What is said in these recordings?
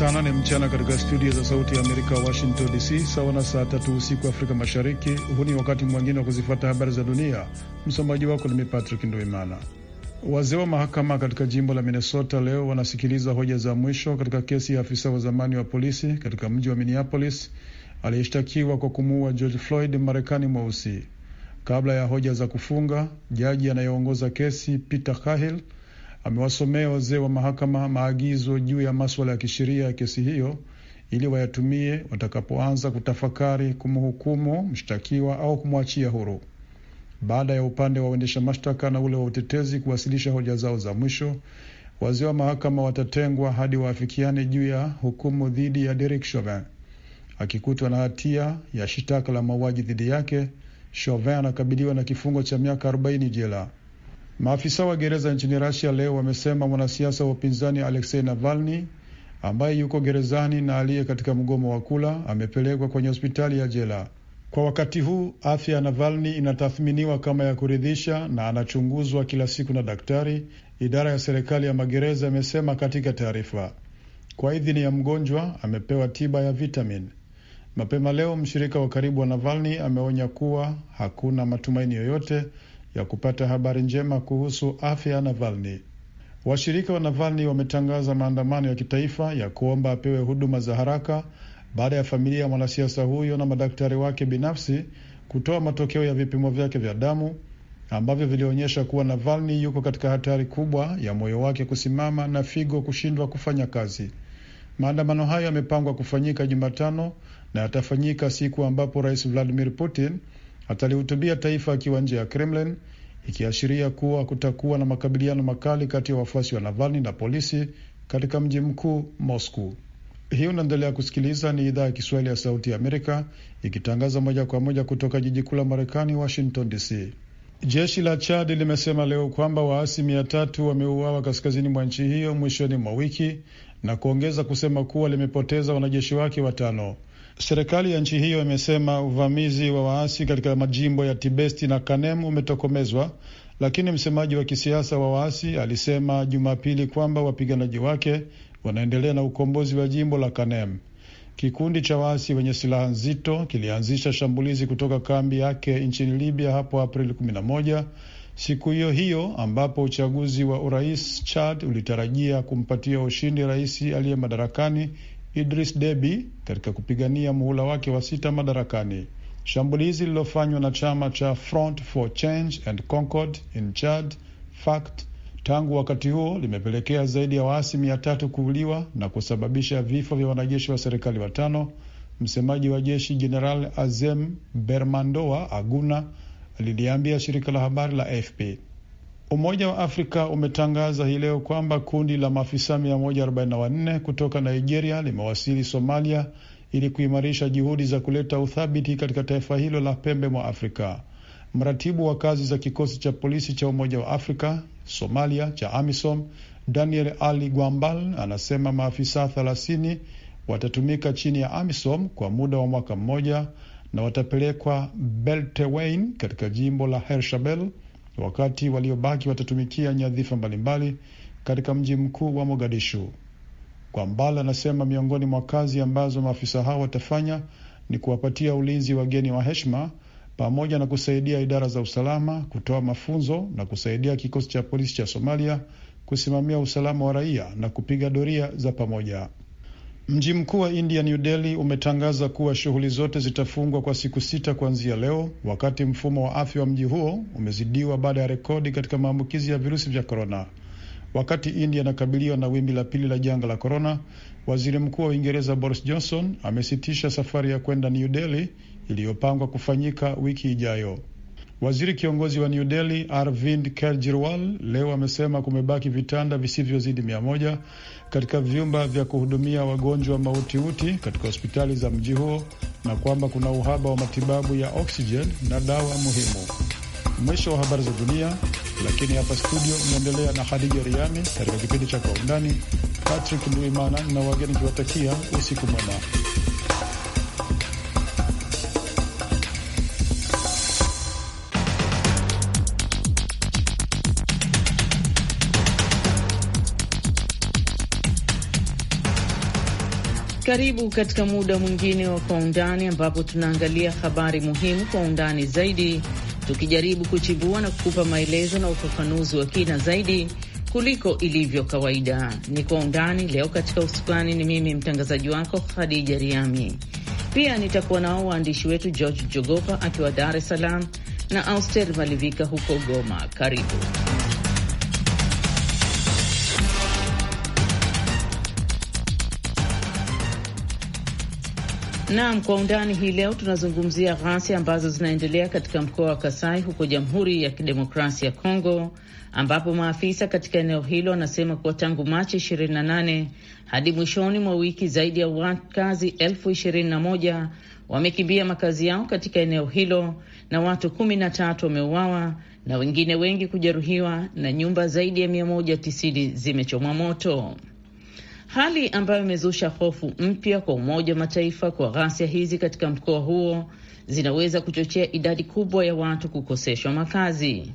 Saa nane mchana katika studio za Sauti ya Amerika, Washington DC, sawa na saa tatu usiku Afrika Mashariki. Huu ni wakati mwingine wa kuzifuata habari za dunia. Msomaji wako ni mimi Patrick Nduimana. Wazee wa mahakama katika jimbo la Minnesota leo wanasikiliza hoja za mwisho katika kesi ya afisa wa zamani wa polisi katika mji wa Minneapolis aliyeshtakiwa kwa kumuua George Floyd, Marekani mweusi. Kabla ya hoja za kufunga, jaji anayeongoza kesi Peter Cahill amewasomea wazee wa mahakama maagizo juu ya maswala ya kisheria ya kesi hiyo ili wayatumie watakapoanza kutafakari kumhukumu mshtakiwa au kumwachia huru. Baada ya upande wa uendesha mashtaka na ule wa utetezi kuwasilisha hoja zao za mwisho, wazee wa mahakama watatengwa hadi waafikiane juu ya hukumu dhidi ya Derek Chauvin. Akikutwa na hatia ya shitaka la mauaji dhidi yake, Chauvin anakabiliwa na kifungo cha miaka 40 jela. Maafisa wa gereza nchini Rasia leo wamesema mwanasiasa wa upinzani Aleksei Navalni ambaye yuko gerezani na aliye katika mgomo wa kula amepelekwa kwenye hospitali ya jela. Kwa wakati huu afya ya Navalni inatathminiwa kama ya kuridhisha na anachunguzwa kila siku na daktari, idara ya serikali ya magereza imesema katika taarifa. Kwa idhini ya mgonjwa, amepewa tiba ya vitamin. Mapema leo, mshirika wa karibu wa Navalni ameonya kuwa hakuna matumaini yoyote ya kupata habari njema kuhusu afya ya Navalni. Washirika wa Navalni wametangaza maandamano ya kitaifa ya kuomba apewe huduma za haraka baada ya familia ya mwanasiasa huyo na madaktari wake binafsi kutoa matokeo ya vipimo vyake vya damu ambavyo vilionyesha kuwa Navalni yuko katika hatari kubwa ya moyo wake kusimama na figo kushindwa kufanya kazi. Maandamano hayo yamepangwa kufanyika Jumatano na yatafanyika siku ambapo Rais Vladimir Putin atalihutubia taifa akiwa nje ya Kremlin, ikiashiria kuwa kutakuwa na makabiliano makali kati ya wafuasi wa Navalny na polisi katika mji mkuu Moscow. Hii unaendelea kusikiliza, ni idhaa ya Kiswahili ya Sauti ya Amerika ikitangaza moja kwa moja kutoka jiji kuu la Marekani, Washington DC. Jeshi la Chad limesema leo kwamba waasi mia tatu wameuawa kaskazini mwa nchi hiyo mwishoni mwa wiki na kuongeza kusema kuwa limepoteza wanajeshi wake watano. Serikali ya nchi hiyo imesema uvamizi wa waasi katika majimbo ya Tibesti na Kanem umetokomezwa, lakini msemaji wa kisiasa wa waasi alisema Jumapili kwamba wapiganaji wake wanaendelea na ukombozi wa jimbo la Kanem. Kikundi cha waasi wenye silaha nzito kilianzisha shambulizi kutoka kambi yake nchini Libya hapo Aprili 11 siku hiyo hiyo ambapo uchaguzi wa urais Chad ulitarajia kumpatia ushindi rais aliye madarakani Idris Deby katika kupigania muhula wake wa sita madarakani. Shambulizi lililofanywa na chama cha Front for Change and Concord in Chad FACT tangu wakati huo limepelekea zaidi ya waasi mia tatu kuuliwa na kusababisha vifo vya wanajeshi wa serikali watano. Msemaji wa jeshi Jeneral Azem Bermandoa Aguna aliliambia shirika la habari la AFP. Umoja wa Afrika umetangaza hii leo kwamba kundi la maafisa 144 kutoka Nigeria limewasili Somalia ili kuimarisha juhudi za kuleta uthabiti katika taifa hilo la pembe mwa Afrika. Mratibu wa kazi za kikosi cha polisi cha Umoja wa Afrika Somalia cha AMISOM Daniel Ali Gwambal anasema maafisa 30 watatumika chini ya AMISOM kwa muda wa mwaka mmoja na watapelekwa Beltewein katika jimbo la hershabel wakati waliobaki watatumikia nyadhifa mbalimbali katika mji mkuu wa Mogadishu. Kwambala anasema miongoni mwa kazi ambazo maafisa hao watafanya ni kuwapatia ulinzi wageni wa heshima pamoja na kusaidia idara za usalama kutoa mafunzo na kusaidia kikosi cha polisi cha Somalia kusimamia usalama wa raia na kupiga doria za pamoja. Mji mkuu wa India, New Delhi, umetangaza kuwa shughuli zote zitafungwa kwa siku sita kuanzia leo, wakati mfumo wa afya wa mji huo umezidiwa baada ya rekodi katika maambukizi ya virusi vya korona. Wakati India inakabiliwa na wimbi la pili la janga la korona, waziri mkuu wa Uingereza Boris Johnson amesitisha safari ya kwenda New Delhi iliyopangwa kufanyika wiki ijayo. Waziri kiongozi wa New Delhi Arvind Kejriwal leo amesema kumebaki vitanda visivyozidi mia moja katika vyumba vya kuhudumia wagonjwa mautiuti katika hospitali za mji huo na kwamba kuna uhaba wa matibabu ya oksijeni na dawa muhimu. Mwisho wa habari za dunia, lakini hapa studio mnaendelea na Hadija Riami katika kipindi cha Kwa Undani. Patrick Nduimana na wageni kiwatakia usiku mwema. Karibu katika muda mwingine wa Kwa Undani, ambapo tunaangalia habari muhimu kwa undani zaidi, tukijaribu kuchibua na kukupa maelezo na ufafanuzi wa kina zaidi kuliko ilivyo kawaida. Ni Kwa Undani leo katika usukani. Ni mimi mtangazaji wako Khadija Riami. Pia nitakuwa nao waandishi wetu George Jogopa akiwa Dar es Salaam na Auster Malivika huko Goma. Karibu. Naam, kwa undani hii leo tunazungumzia ghasia ambazo zinaendelea katika mkoa wa Kasai huko Jamhuri ya Kidemokrasia ya Kongo, ambapo maafisa katika eneo hilo wanasema kuwa tangu Machi 28 hadi mwishoni mwa wiki zaidi ya wakazi elfu wamekimbia makazi yao katika eneo hilo na watu 13 wameuawa na wengine wengi kujeruhiwa na nyumba zaidi ya 190 zimechomwa moto hali ambayo imezusha hofu mpya kwa Umoja wa Mataifa kwa ghasia hizi katika mkoa huo zinaweza kuchochea idadi kubwa ya watu kukoseshwa makazi.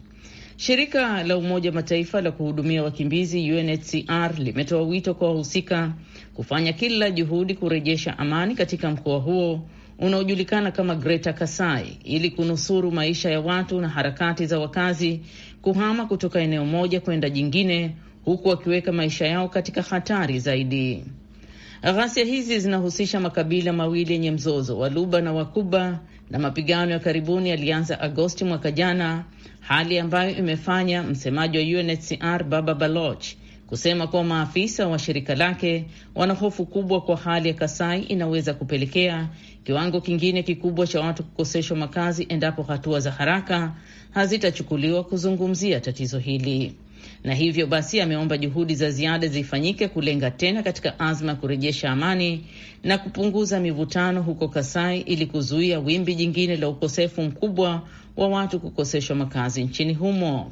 Shirika la Umoja wa Mataifa la kuhudumia wakimbizi UNHCR limetoa wito kwa wahusika kufanya kila juhudi kurejesha amani katika mkoa huo unaojulikana kama greta Kasai ili kunusuru maisha ya watu na harakati za wakazi kuhama kutoka eneo moja kwenda jingine huku wakiweka maisha yao katika hatari zaidi. Ghasia hizi zinahusisha makabila mawili yenye mzozo, wa luba na Wakuba, na mapigano ya karibuni yalianza Agosti mwaka jana, hali ambayo imefanya msemaji wa UNHCR Baba Baloch kusema kuwa maafisa wa shirika lake wana hofu kubwa kwa hali ya Kasai inaweza kupelekea kiwango kingine kikubwa cha watu kukoseshwa makazi endapo hatua za haraka hazitachukuliwa kuzungumzia tatizo hili na hivyo basi ameomba juhudi za ziada zifanyike kulenga tena katika azma ya kurejesha amani na kupunguza mivutano huko Kasai ili kuzuia wimbi jingine la ukosefu mkubwa wa watu kukoseshwa makazi nchini humo.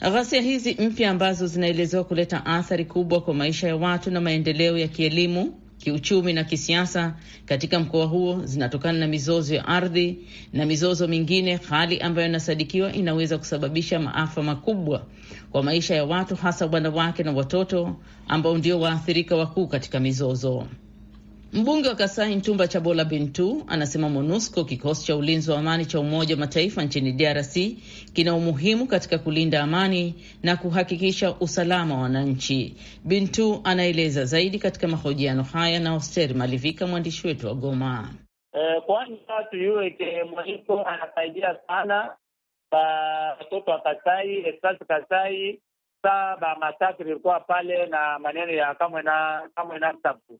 Ghasia hizi mpya ambazo zinaelezewa kuleta athari kubwa kwa maisha ya watu na maendeleo ya kielimu kiuchumi na kisiasa katika mkoa huo zinatokana na mizozo ya ardhi na mizozo mingine, hali ambayo inasadikiwa inaweza kusababisha maafa makubwa kwa maisha ya watu, hasa wanawake na watoto ambao ndio waathirika wakuu katika mizozo. Mbunge wa Kasai Ntumba Chabola Bintu anasema MONUSCO, kikosi cha ulinzi wa amani cha Umoja wa Mataifa nchini DRC, kina umuhimu katika kulinda amani na kuhakikisha usalama wa wananchi. Bintu anaeleza zaidi katika mahojiano haya na Hosteri Malivika, mwandishi wetu wa Goma. Eh, kwanza tuyuweke MONUSCO anasaidia sana watoto wa Kasai esasi Kasai saa ba masakri ilikuwa pale na maneno ya kamwe na kamwe na sabu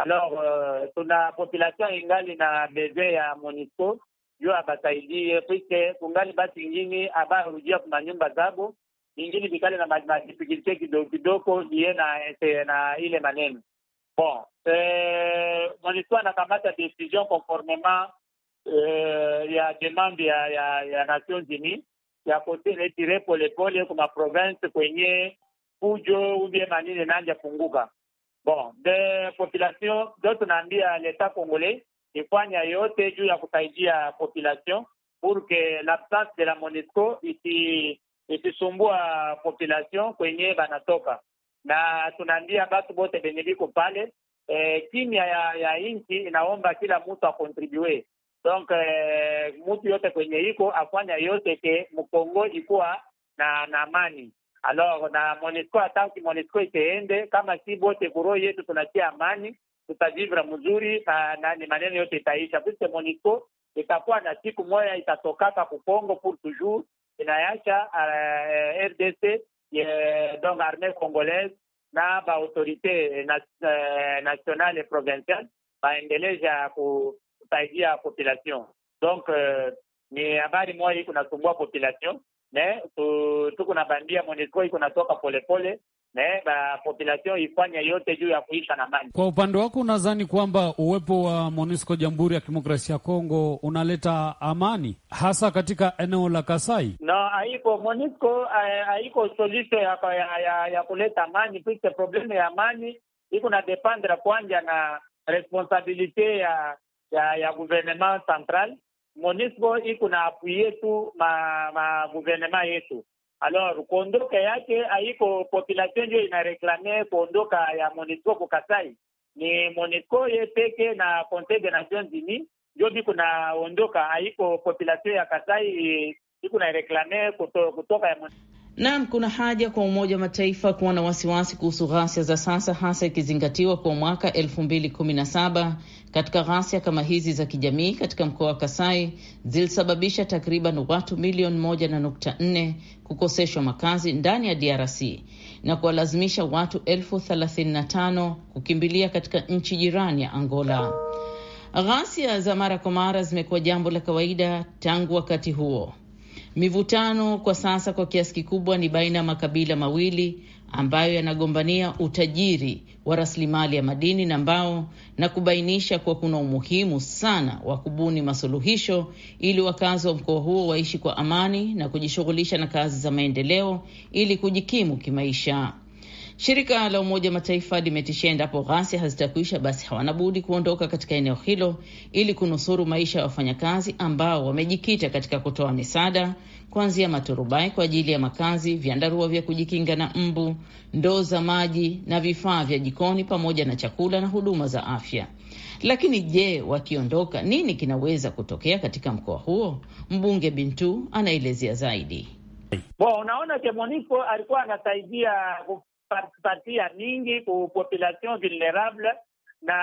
Alors euh, tuna population ingali na beve ya MONUSCO juu abasaidie eh, pwike kungali basi ingini abarudia kumanyumba zabo ingini vikali na madifikilte kidogo kidogo iye na, eh, na ile maneno bon eh, MONUSCO anakamata decision conformement eh, ya demande ya, ya, ya Nations Unies ya kote retire polepole kuma province kwenye fujo ubie manini nanja funguka Bon, de population ndio tunaambia leta congolais ifanya yote juu ya kusaidia population pour que l'absence de la Monisco isi isisumbua population kwenye banatoka, na tunaambia batu bote benye biko pale eh, kimya ya, ya inchi inaomba kila mtu akontribue donc eh, mutu yote kwenye iko afanya yote ke Mkongo ikuwa na na Alors na MONUSCO atanki MONUSCO iteende kama si bote kuroho yetu tunatia amani, tutavivra mzuri na, na ni maneno yote itaisha, puisque MONUSCO itakuwa na siku moya itatokaka kukongo pour toujours inayasha uh, eh, RDC donc armée congolaise na baautorité autorité eh, nationale et provinciale baendeleza kusaidia population. Donc uh, ni habari moya iko nasumbua population ne tuko na bandia MONUSCO iko natoka polepole ne ba population ifanya yote juu ya kuisha na mani Kwa upande wako, unadhani kwamba uwepo wa MONUSCO Jamhuri ya Kidemokrasia ya Kongo unaleta amani hasa katika eneo la Kasai? No, haiko MONUSCO eh, haiko solution ya, ya, ya, ya kuleta amani. pise problemu ya amani iko na dependre kwanja na responsabilite ya ya, ya gouvernement central MONUSCO iko na apu yetu ma, ma guvernema yetu alors kuondoka yake aiko population ndio inareklame kuondoka ya monisco kukasai ni monisco ye peke na Conseil des Nations Unies ndio biko naondoka, aiko population ya Kasai iko na reklame kutoka ya MONUSCO. Naam, kuna haja kwa Umoja wa Mataifa kuwa na wasiwasi kuhusu ghasia za sasa, hasa ikizingatiwa kwa mwaka elfu mbili kumi na saba katika ghasia kama hizi za kijamii katika mkoa wa Kasai zilisababisha takriban watu milioni moja na nukta nne kukoseshwa makazi ndani ya DRC na kuwalazimisha watu elfu thelathini na tano kukimbilia katika nchi jirani ya Angola. Ghasia za mara kwa mara zimekuwa jambo la kawaida tangu wakati huo. Mivutano kwa sasa kwa kiasi kikubwa ni baina ya makabila mawili ambayo yanagombania utajiri wa rasilimali ya madini na mbao, na kubainisha kuwa kuna umuhimu sana wa kubuni masuluhisho ili wakazi wa mkoa huo waishi kwa amani na kujishughulisha na kazi za maendeleo ili kujikimu kimaisha. Shirika la Umoja Mataifa limetishia endapo ghasia hazitakuisha basi hawana budi kuondoka katika eneo hilo ili kunusuru maisha ya wafanyakazi ambao wamejikita katika kutoa misaada kuanzia maturubai kwa ajili ya makazi, vyandarua vya kujikinga na mbu, ndoo za maji na vifaa vya jikoni, pamoja na chakula na huduma za afya. Lakini je, wakiondoka, nini kinaweza kutokea katika mkoa huo? Mbunge Bintu anaelezea zaidi. Bo, unaona Chemoniko alikuwa anasaidia parti ya mingi ku population vulnérable na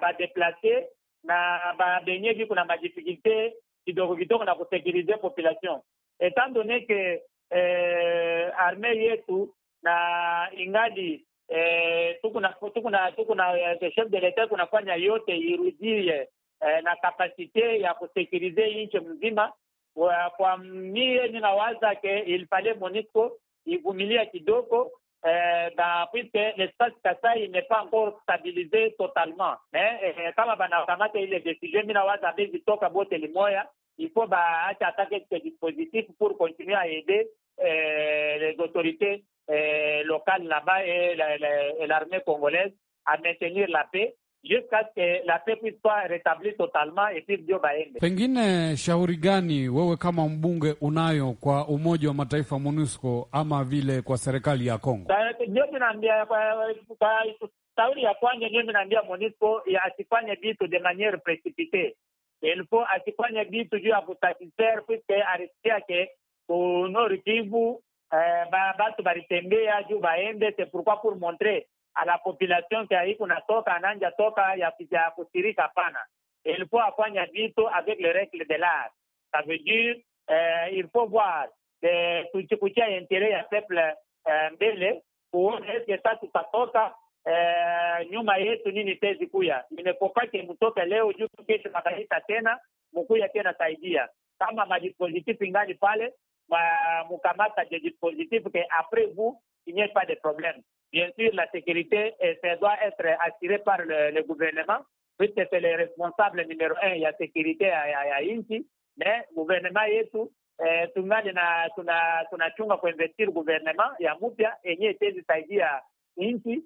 badeplace na babenye viku na madificulte kidogo kidogo na la population etant donne ke eh, est yetu na ingali eh, tout qu'on a eh, chef de leta kunafanya yote irudie na euh, kapasite ya kusekurize inchi mzima kwa euh, mie ninawaza ke ilipale MONUSCO ivumilia kidogo Euh, bah, puisque l'espace Kassai n'est pas encore stabilisé totalement. Mais faut attaquer bah, ce dispositif pour continuer à aider euh, les autorités euh, locales là-bas et l'armée congolaise à maintenir la paix jusqu'à ce eh, que la paix puisse soit rétablie totalement et puis ndio baende. Pengine shauri gani wewe kama mbunge unayo kwa Umoja wa Mataifa MONUSCO ama vile kwa serikali ya Kongo? Ndio tunaambia eh, kwa shauri ya kwanza, ndio tunaambia MONUSCO asifanye vitu de maniere il faut asifanye vitu juu ya kusatisfaire puisque arisikia ke kunori Kivu batu balitembea juu baende, c'est pourquoi pour montrer la population kaiko kunatoka ananja toka ya, ya kutirika hapana. Il faut afanya vitu avec les règles de l'art, ça veut dire euh, il faut voir kuchia intérêt ya peuple mbele kuona eske sa tutatoka Uh, nyuma yetu nini tezi kuya imepopake mtoke leo juu kesho makanisa tena mkuya tena saidia kama madispositif ingani pale mukamata mkamata je ke après vous Il n'y a pas de problème. Bien sûr, la sécurité, euh, ça doit être assurée par le, gouvernement, puisque c'est le responsable numéro un, il y a sécurité à Inti, mais gouvernement yetu eh, na tuna, tuna le gouvernement ya mupya yenye le nchi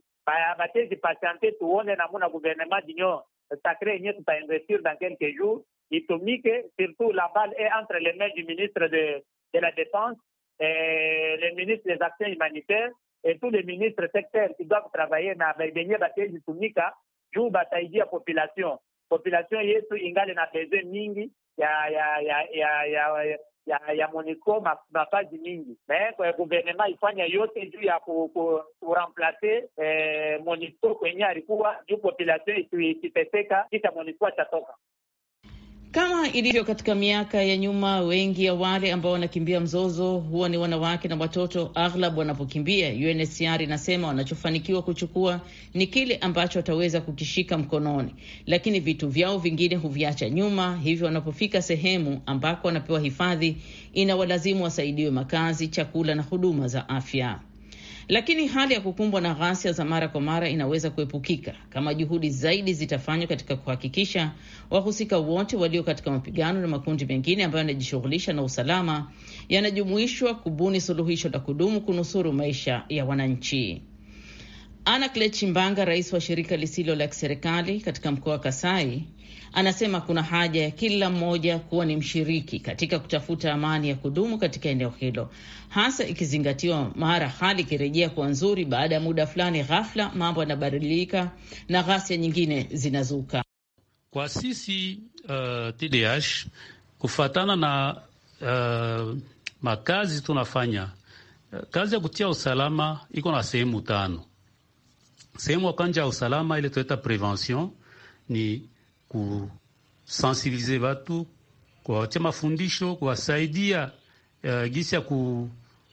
est tuone namuna gouvernement dinyo sacré yenye investir dans quelques jours itumike, surtout la balle est entre les mains du ministre de, de la Défense Euh, les ministres des actions humanitaires et tous les ministres secteurs qui doivent travailler na venye tumika juu basaidia population. Population yetu ingali na besoin mingi ya ya ya ya ya ya, ya MONUSCO mafazi mingi me euh, guvernema ifanya yote juu ya euh, kuremplace eh, MONUSCO kwenye alikuwa juu population isiteseka, kisha MONUSCO atatoka. Kama ilivyo katika miaka ya nyuma, wengi ya wale ambao wanakimbia mzozo huwa ni wanawake na watoto aghlab wanapokimbia. UNHCR inasema wanachofanikiwa kuchukua ni kile ambacho wataweza kukishika mkononi, lakini vitu vyao vingine huviacha nyuma. Hivyo wanapofika sehemu ambako wanapewa hifadhi, inawalazimu wasaidiwe makazi, chakula na huduma za afya lakini hali ya kukumbwa na ghasia za mara kwa mara inaweza kuepukika kama juhudi zaidi zitafanywa katika kuhakikisha wahusika wote walio katika mapigano na makundi mengine ambayo yanajishughulisha na usalama yanajumuishwa kubuni suluhisho la kudumu kunusuru maisha ya wananchi. Anaclet Chimbanga, rais wa shirika lisilo la kiserikali katika mkoa wa Kasai, anasema kuna haja ya kila mmoja kuwa ni mshiriki katika kutafuta amani ya kudumu katika eneo hilo, hasa ikizingatiwa mara hali ikirejea kuwa nzuri baada ya muda fulani, ghafla mambo yanabadilika na ghasia nyingine zinazuka. Kwa sisi uh, TDH kufatana na uh, makazi tunafanya kazi ya kutia usalama iko na sehemu tano. Sehemu ya kwanja ya usalama ile tunaita prevention ni kusensibilize watu, kuwawatia mafundisho, kuwasaidia uh, gisi ya ku,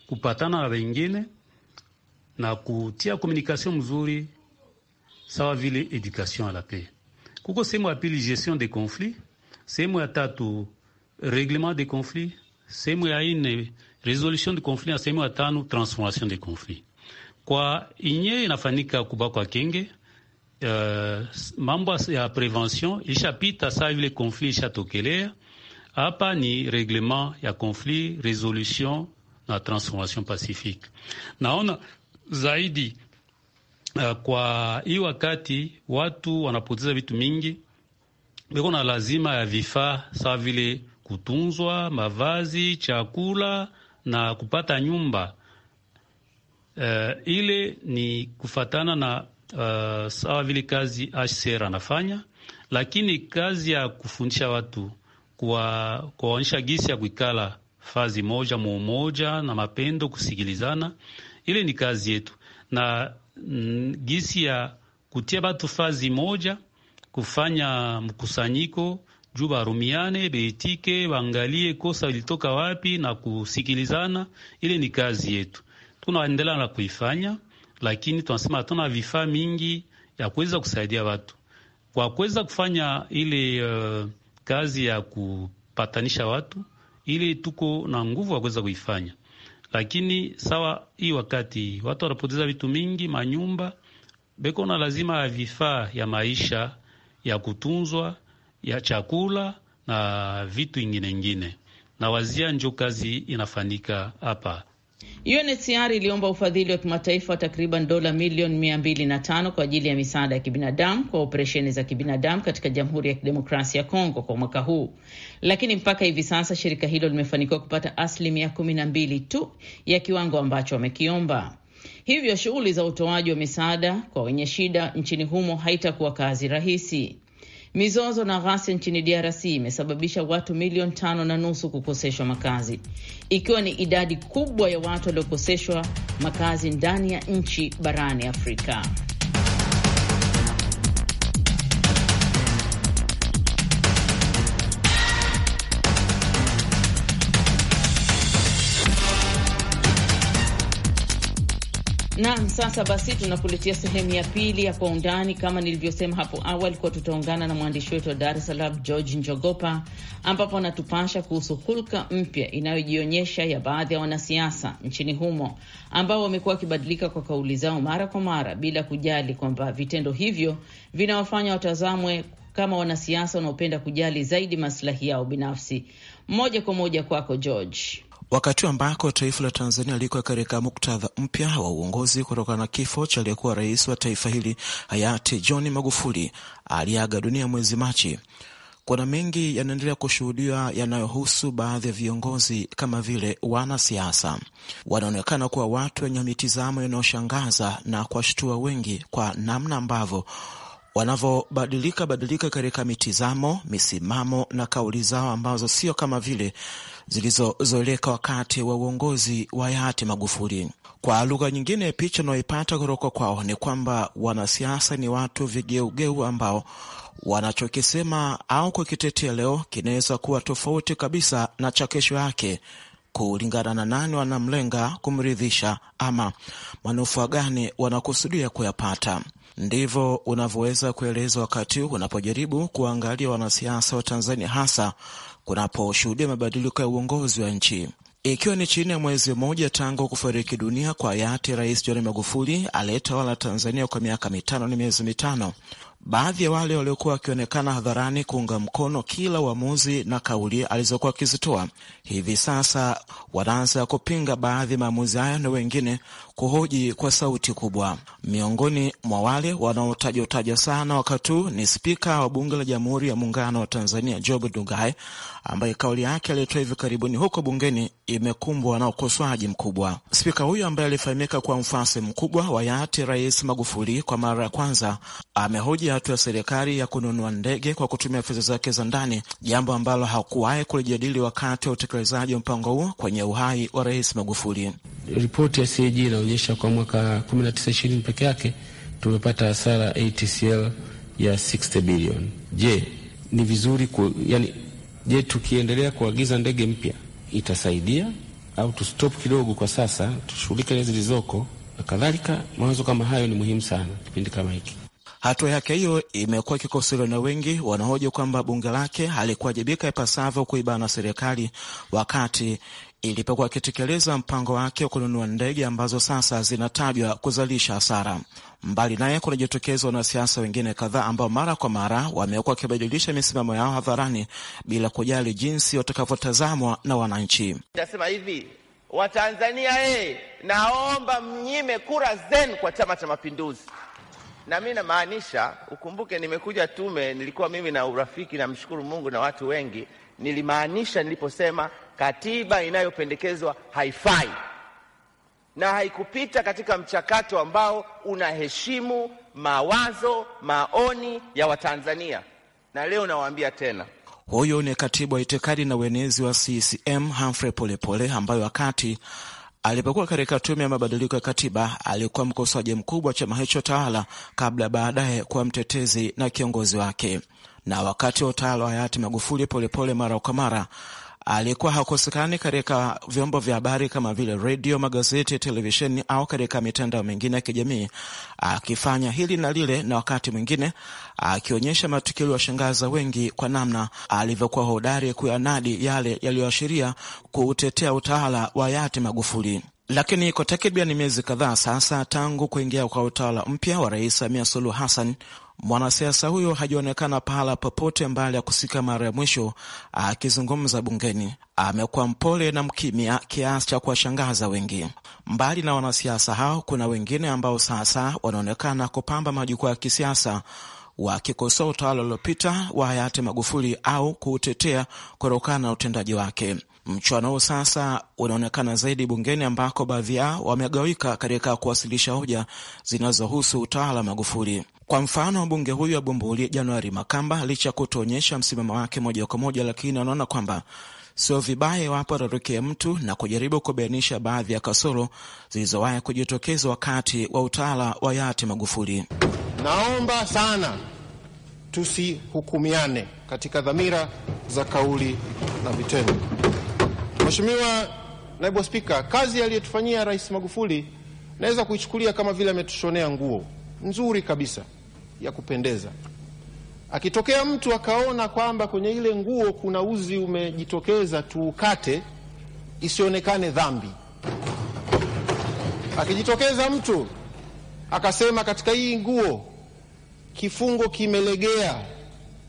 kupatana na wengine na kutia komunikasio mzuri sawa vile education la paix. Kuko sehemu ya pili gestion des conflits, sehemu ya tatu reglement des conflits, sehemu ya ine resolution de conflit na sehemu ya tano transformation de conflit. Kwa inye inafanyika kubakwa kenge uh, mambo ya prevention ishapita saa yule konfli ishatokelea hapa, ni reglement ya konfli, resolution na transformation pacifique. Naona zaidi uh, kwa hii wakati watu wanapoteza vitu mingi, beko na lazima ya vifaa saa vile kutunzwa, mavazi, chakula na kupata nyumba. Uh, ile ni kufatana na uh, sawa vile kazi HCR anafanya, lakini kazi ya kufundisha watu kuwaonyesha gisi ya kuikala fazi moja mumoja na mapendo kusikilizana, ile ni kazi yetu na mm, gisi ya kutia batu fazi moja kufanya mkusanyiko juu barumiane beitike bangalie kosa ilitoka wapi na kusikilizana, ile ni kazi yetu, tunaendelea na kuifanya lakini tunasema hatuna vifaa mingi ya kuweza kusaidia watu kwa kuweza kufanya ile uh, kazi ya kupatanisha watu, ili tuko na nguvu ya kuweza kuifanya. Lakini sawa, hii wakati watu wanapoteza vitu mingi, manyumba beko na lazima ya vifaa ya maisha ya kutunzwa ya chakula na vitu ingine ingine, na wazia njo kazi inafanyika hapa UNHCR iliomba ufadhili wa kimataifa wa takriban dola milioni 205 kwa ajili ya misaada ya kibinadamu kwa operesheni za kibinadamu katika Jamhuri ya Kidemokrasia ya Kongo kwa mwaka huu, lakini mpaka hivi sasa shirika hilo limefanikiwa kupata asilimia 12 tu ya kiwango ambacho wamekiomba. Hivyo shughuli za utoaji wa misaada kwa wenye shida nchini humo haitakuwa kazi rahisi. Mizozo na ghasia nchini DRC imesababisha watu milioni tano na nusu kukoseshwa makazi, ikiwa ni idadi kubwa ya watu waliokoseshwa makazi ndani ya nchi barani Afrika. Naam, sasa basi tunakuletea sehemu ya pili ya kwa undani. Kama nilivyosema hapo awali, kuwa tutaungana na mwandishi wetu wa Dar es Salaam George Njogopa, ambapo anatupasha kuhusu hulka mpya inayojionyesha ya baadhi ya wanasiasa nchini humo ambao wamekuwa wakibadilika kwa kauli zao mara kwa mara bila kujali kwamba vitendo hivyo vinawafanya watazamwe kama wanasiasa wanaopenda kujali zaidi maslahi yao binafsi. Moja kwa moja kwako George wakati ambako taifa la Tanzania liko katika muktadha mpya wa uongozi kutokana na kifo cha aliyekuwa rais wa taifa hili hayati John Magufuli aliyeaga dunia mwezi Machi. Kuna mengi yanaendelea kushuhudiwa yanayohusu baadhi ya viongozi kama vile wanasiasa. Wanaonekana kuwa watu wenye mitizamo inayoshangaza na kuwashtua wengi kwa namna ambavyo wanavyobadilika badilika katika mitizamo, misimamo na kauli zao ambazo sio kama vile zilizozoeleka wakati wa uongozi wa hayati Magufuli. Kwa lugha nyingine, picha unaoipata kutoka kwao ni kwamba wanasiasa ni watu vigeugeu ambao wanachokisema au kukitetea leo kinaweza kuwa tofauti kabisa na cha kesho yake, kulingana na nani wanamlenga kumridhisha ama manufaa gani wanakusudia kuyapata. Ndivyo unavyoweza kueleza wakati unapojaribu kuangalia wanasiasa wa Tanzania, hasa kunaposhuhudia mabadiliko ya uongozi wa nchi. Ikiwa ni chini ya mwezi mmoja tangu kufariki dunia kwa hayati Rais John Magufuli aliyetawala Tanzania kwa miaka mitano na miezi mitano, baadhi ya wale waliokuwa wakionekana hadharani kuunga mkono kila uamuzi na kauli alizokuwa akizitoa hivi sasa wanaanza kupinga baadhi ya maamuzi hayo, na wengine kuhoji kwa sauti kubwa. Miongoni mwa wale wanaotajwa sana wakati huu ni Spika wa Bunge la Jamhuri ya Muungano wa Tanzania Job Ndugai, ambaye kauli yake aliyotoa hivi karibuni huko bungeni imekumbwa na ukosoaji mkubwa. Spika huyo ambaye alifahamika kwa mfasi mkubwa wa hayati Rais Magufuli, kwa mara ya kwanza amehoji hatua ya serikali ya kununua ndege kwa kutumia fedha zake za ndani, jambo ambalo hakuwahi kulijadili wakati wa utekelezaji wa mpango huo kwenye uhai wa Rais Magufuli. Ripoti ya CAG inaonyesha kwa mwaka 1920 peke yake tumepata hasara ATCL ya 60 billion. Je, ni vizuri ku, yani, je tukiendelea kuagiza ndege mpya itasaidia au tustop kidogo kwa sasa tushughulike na zilizoko na kadhalika? Mawazo kama hayo ni muhimu sana kipindi kama hiki. Hatua yake hiyo imekuwa ikikosolewa na wengi wanahoja kwamba bunge lake halikuwajibika ipasavyo kuibana serikali wakati ilipokuwa ikitekeleza mpango wake wa kununua ndege ambazo sasa zinatajwa kuzalisha hasara. Mbali naye kunajitokeza wanasiasa wengine kadhaa ambao mara kwa mara wamekuwa wakibadilisha misimamo yao hadharani bila kujali jinsi watakavyotazamwa na wananchi. Nitasema hivi, Watanzania e, naomba mnyime kura zenu kwa Chama cha Mapinduzi na mi namaanisha, ukumbuke, nimekuja tume, nilikuwa mimi na urafiki, namshukuru Mungu na watu wengi, nilimaanisha niliposema katiba inayopendekezwa haifai na haikupita katika mchakato ambao unaheshimu mawazo, maoni ya Watanzania. Na leo nawaambia tena, huyu ni katibu wa itikadi na uenezi wa CCM Humphrey Polepole, ambaye wakati alipokuwa katika tume ya mabadiliko ya katiba alikuwa mkosoaji mkubwa wa chama hicho tawala, kabla ya baadaye kuwa mtetezi na kiongozi wake. Na wakati wa utawala wa hayati Magufuli, Polepole mara kwa mara alikuwa hakosekani katika vyombo vya habari kama vile redio, magazeti, televisheni au katika mitandao mingine ya kijamii, akifanya hili na lile, na wakati mwingine akionyesha matukio yaliyowashangaza wengi kwa namna alivyokuwa hodari kuyanadi yale yaliyoashiria kuutetea utawala wa hayati Magufuli. Lakini kwa takribani miezi kadhaa sasa tangu kuingia kwa utawala mpya wa Rais Samia Suluhu Hassan Mwanasiasa huyo hajaonekana pahala popote mbali ya kusika mara ya mwisho ah, akizungumza bungeni. Amekuwa mpole na mkimya kiasi cha kuwashangaza wengi. Mbali na wanasiasa hao, kuna wengine ambao sasa wanaonekana kupamba majukwaa ya kisiasa wakikosoa utawala uliopita wa hayati Magufuli au kuutetea kutokana na utendaji wake. Mchuano huu sasa unaonekana zaidi bungeni ambako baadhi yao wamegawika katika kuwasilisha hoja zinazohusu utawala wa Magufuli. Kwa mfano, mbunge huyu wa Bumbuli Januari Makamba, licha ya kutoonyesha msimamo wake moja kwa moja, lakini anaona kwamba sio vibaya iwapo ararukia mtu na kujaribu kubainisha baadhi ya kasoro zilizowahi kujitokeza wakati wa utawala wa hayati Magufuli. Naomba sana tusihukumiane katika dhamira za kauli na vitendo. Mheshimiwa Naibu Spika, kazi aliyotufanyia Rais Magufuli naweza kuichukulia kama vile ametushonea nguo nzuri kabisa ya kupendeza. Akitokea mtu akaona kwamba kwenye ile nguo kuna uzi umejitokeza, tuukate isionekane dhambi. Akijitokeza mtu akasema, katika hii nguo kifungo kimelegea,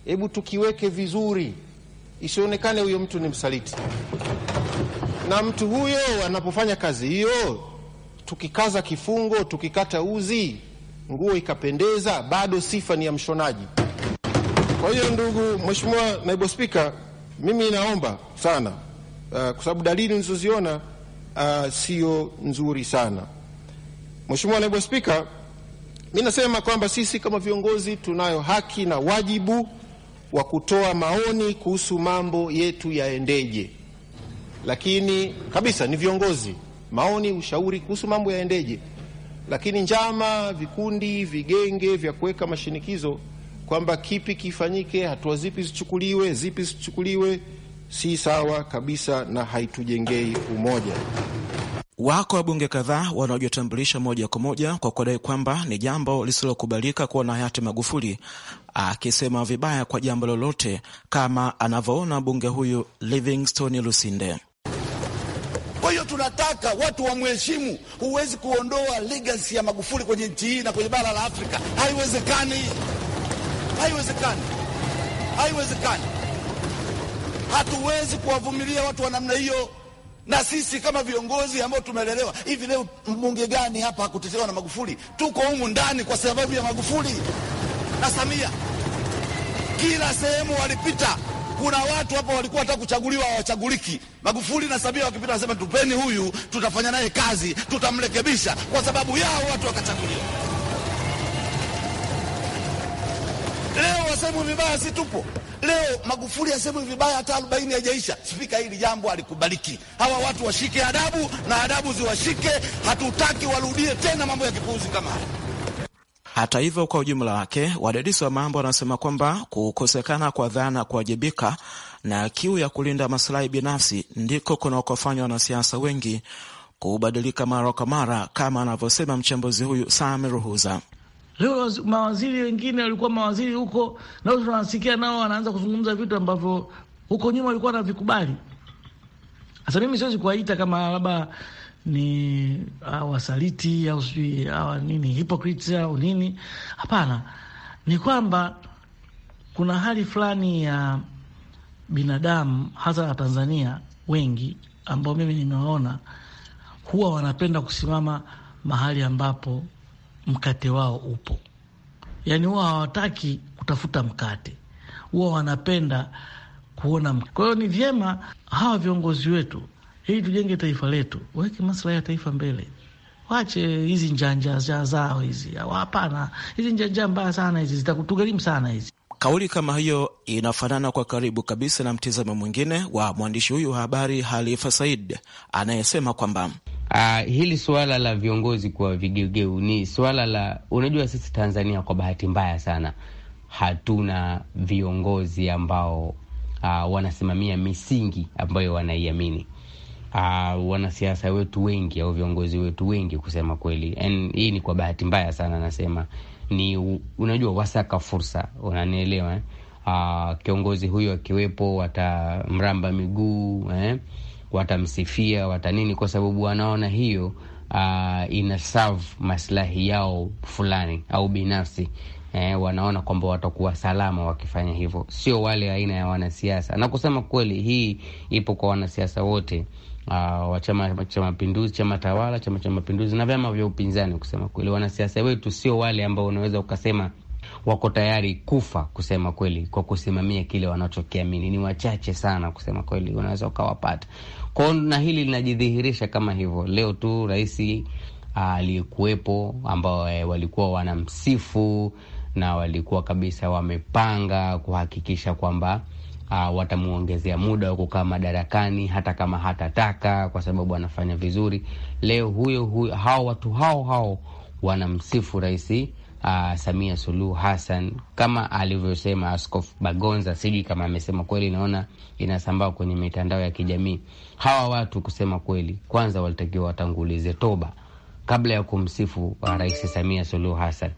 hebu tukiweke vizuri, isionekane huyo mtu ni msaliti. Na mtu huyo anapofanya kazi hiyo, tukikaza kifungo, tukikata uzi nguo ikapendeza, bado sifa ni ya mshonaji. Kwa hiyo ndugu Mheshimiwa Naibu Spika, mimi naomba sana uh, kwa sababu dalili nilizoziona uh, sio nzuri sana. Mheshimiwa Naibu Spika, mi nasema kwamba sisi kama viongozi tunayo haki na wajibu wa kutoa maoni kuhusu mambo yetu yaendeje, lakini kabisa ni viongozi, maoni, ushauri kuhusu mambo yaendeje lakini njama, vikundi, vigenge vya kuweka mashinikizo kwamba kipi kifanyike, hatua zipi zichukuliwe, zipi zichukuliwe si sawa kabisa na haitujengei umoja. Wako wabunge kadhaa wanaojitambulisha moja kwa moja kwa kudai kwamba ni jambo lisilokubalika kuona hayati Magufuli akisema vibaya kwa jambo lolote, kama anavyoona bunge huyu Livingstone Lusinde. Kwa hiyo tunataka watu wamheshimu. Huwezi kuondoa legacy ya Magufuli kwenye nchi hii na kwenye bara la Afrika, haiwezekani, haiwezekani, haiwezekani. Hatuwezi kuwavumilia watu wa namna hiyo, na sisi kama viongozi ambao tumelelewa hivi. Leo mbunge gani hapa hakutetewa na Magufuli? Tuko humu ndani kwa sababu ya Magufuli na Samia, kila sehemu walipita. Kuna watu hapa walikuwa hata kuchaguliwa hawachaguliki. Magufuli na Samia wakipita wanasema tupeni huyu, tutafanya naye kazi, tutamrekebisha, kwa sababu yao watu wakachaguliwa. Leo wasemu vibaya, si tupo leo? Magufuli asemu vibaya, hata arobaini haijaisha. Spika, hili jambo alikubaliki. Hawa watu washike adabu na adabu ziwashike. Hatutaki warudie tena mambo ya kipuuzi kama haya. Hata hivyo, kwa ujumla wake, wadadisi wa mambo wanasema kwamba kukosekana kwa dhana kuwajibika na kiu ya kulinda masilahi binafsi ndiko kunakofanywa wanasiasa wengi kubadilika mara kwa mara, kama anavyosema mchambuzi huyu samruhuza Ruhuza. Leo mawaziri wengine walikuwa mawaziri huko, nao tunawasikia nao wanaanza kuzungumza vitu ambavyo huko nyuma walikuwa wanavikubali. Sasa mimi siwezi kuwaita kama labda ni ah, wasaliti au sijui awa ah, nini hypocrites au nini. Hapana, ni kwamba kuna hali fulani ya binadamu hasa Watanzania wengi ambao mimi nimewaona huwa wanapenda kusimama mahali ambapo mkate wao upo, yaani huwa hawataki kutafuta mkate, huwa wanapenda kuona mkate. Kwa hiyo ni vyema hawa viongozi wetu ili tujenge taifa letu. waweke maslahi ya taifa mbele, wache hizi njanja zao hizi. Hapana, hizi njanja mbaya sana hizi, zitakutugharimu sana hizi. Kauli kama hiyo inafanana kwa karibu kabisa na mtizamo mwingine wa mwandishi huyu wa habari Halifa Said anayesema kwamba Uh, hili suala la viongozi kwa vigeugeu ni suala la, unajua sisi Tanzania kwa bahati mbaya sana hatuna viongozi ambao uh, wanasimamia misingi ambayo wanaiamini uh, wanasiasa wetu wengi au viongozi wetu wengi kusema kweli, and hii ni kwa bahati mbaya sana, nasema ni unajua, wasaka fursa, unanielewa eh? Uh, kiongozi huyo akiwepo watamramba miguu eh? Watamsifia, wata nini, kwa sababu wanaona hiyo uh, ina serve maslahi yao fulani au binafsi eh, wanaona kwamba watakuwa salama wakifanya hivyo, sio wale aina ya wanasiasa. Na kusema kweli, hii ipo kwa wanasiasa wote Ah, wa chama cha mapinduzi, chama tawala, chama cha mapinduzi na vyama vya upinzani. Kusema kweli, wanasiasa wetu sio wale ambao unaweza ukasema wako tayari kufa kusema kweli, kwa kusimamia kile wanachokiamini. Ni wachache sana kusema kweli, unaweza ukawapata kwao, na hili linajidhihirisha kama hivyo. Leo tu rais ah, aliyekuwepo ambao e, walikuwa wanamsifu na walikuwa kabisa wamepanga kuhakikisha kwamba uh, watamuongezea muda wa kukaa madarakani hata kama hatataka, kwa sababu anafanya vizuri. Leo huyo huyo, hao watu hao hao wanamsifu Rais Uh, Samia Suluhu Hassan kama alivyosema Askofu Bagonza, sijui kama amesema kweli, naona inasambaa kwenye mitandao ya kijamii. Hawa watu kusema kweli, kwanza walitakiwa watangulize toba kabla ya kumsifu ah, Rais Samia Suluhu Hassan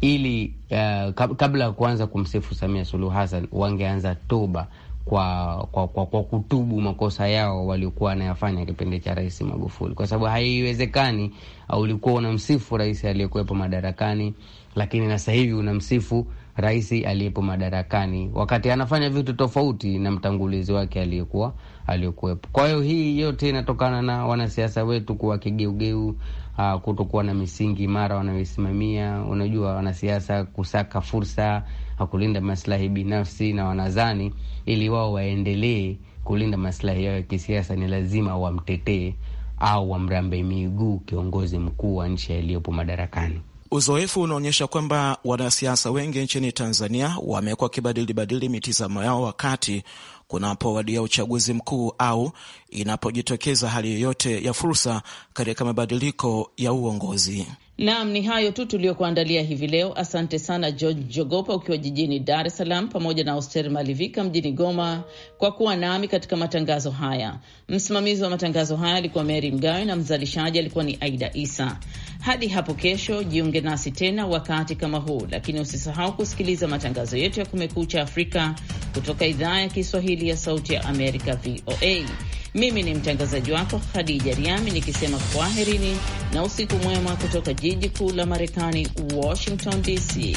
ili uh, kabla ya kuanza kumsifu Samia Suluhu Hassan wangeanza toba kwa, kwa, kwa, kwa kutubu makosa yao waliokuwa wanayafanya kipindi cha Rais Magufuli, kwa sababu haiwezekani ulikuwa unamsifu rais aliyekuwepo madarakani, lakini na sasa hivi unamsifu rais aliyepo madarakani, wakati anafanya vitu tofauti na mtangulizi wake aliyekuwa aliyokuwepo. Kwa hiyo hii yote inatokana na wanasiasa wetu kuwa kigeugeu, uh, kutokuwa na misingi imara wanayoisimamia. Unajua, wanasiasa kusaka fursa, ah, kulinda maslahi binafsi, na wanadhani ili wao waendelee kulinda maslahi yao ya kisiasa ni lazima wamtetee au wamrambe miguu kiongozi mkuu wa nchi aliyopo madarakani. Uzoefu unaonyesha kwamba wanasiasa wengi nchini Tanzania wamekuwa wakibadilibadili mitizamo yao wakati kunapowadia uchaguzi mkuu au inapojitokeza hali yoyote ya fursa katika mabadiliko ya uongozi. Naam, ni hayo tu tuliyokuandalia hivi leo. Asante sana George Jogopa ukiwa jijini Dar es Salaam, pamoja na Oster Malivika mjini Goma kwa kuwa nami katika matangazo haya. Msimamizi wa matangazo haya alikuwa Mary Mgawe na mzalishaji alikuwa ni Aida Isa. Hadi hapo kesho, jiunge nasi tena wakati kama huu, lakini usisahau kusikiliza matangazo yetu ya Kumekucha Afrika kutoka idhaa ya Kiswahili ya Sauti ya Amerika, VOA. Mimi ni mtangazaji wako Khadija Riami nikisema kwaherini na usiku mwema kutoka jiji kuu la Marekani, Washington DC.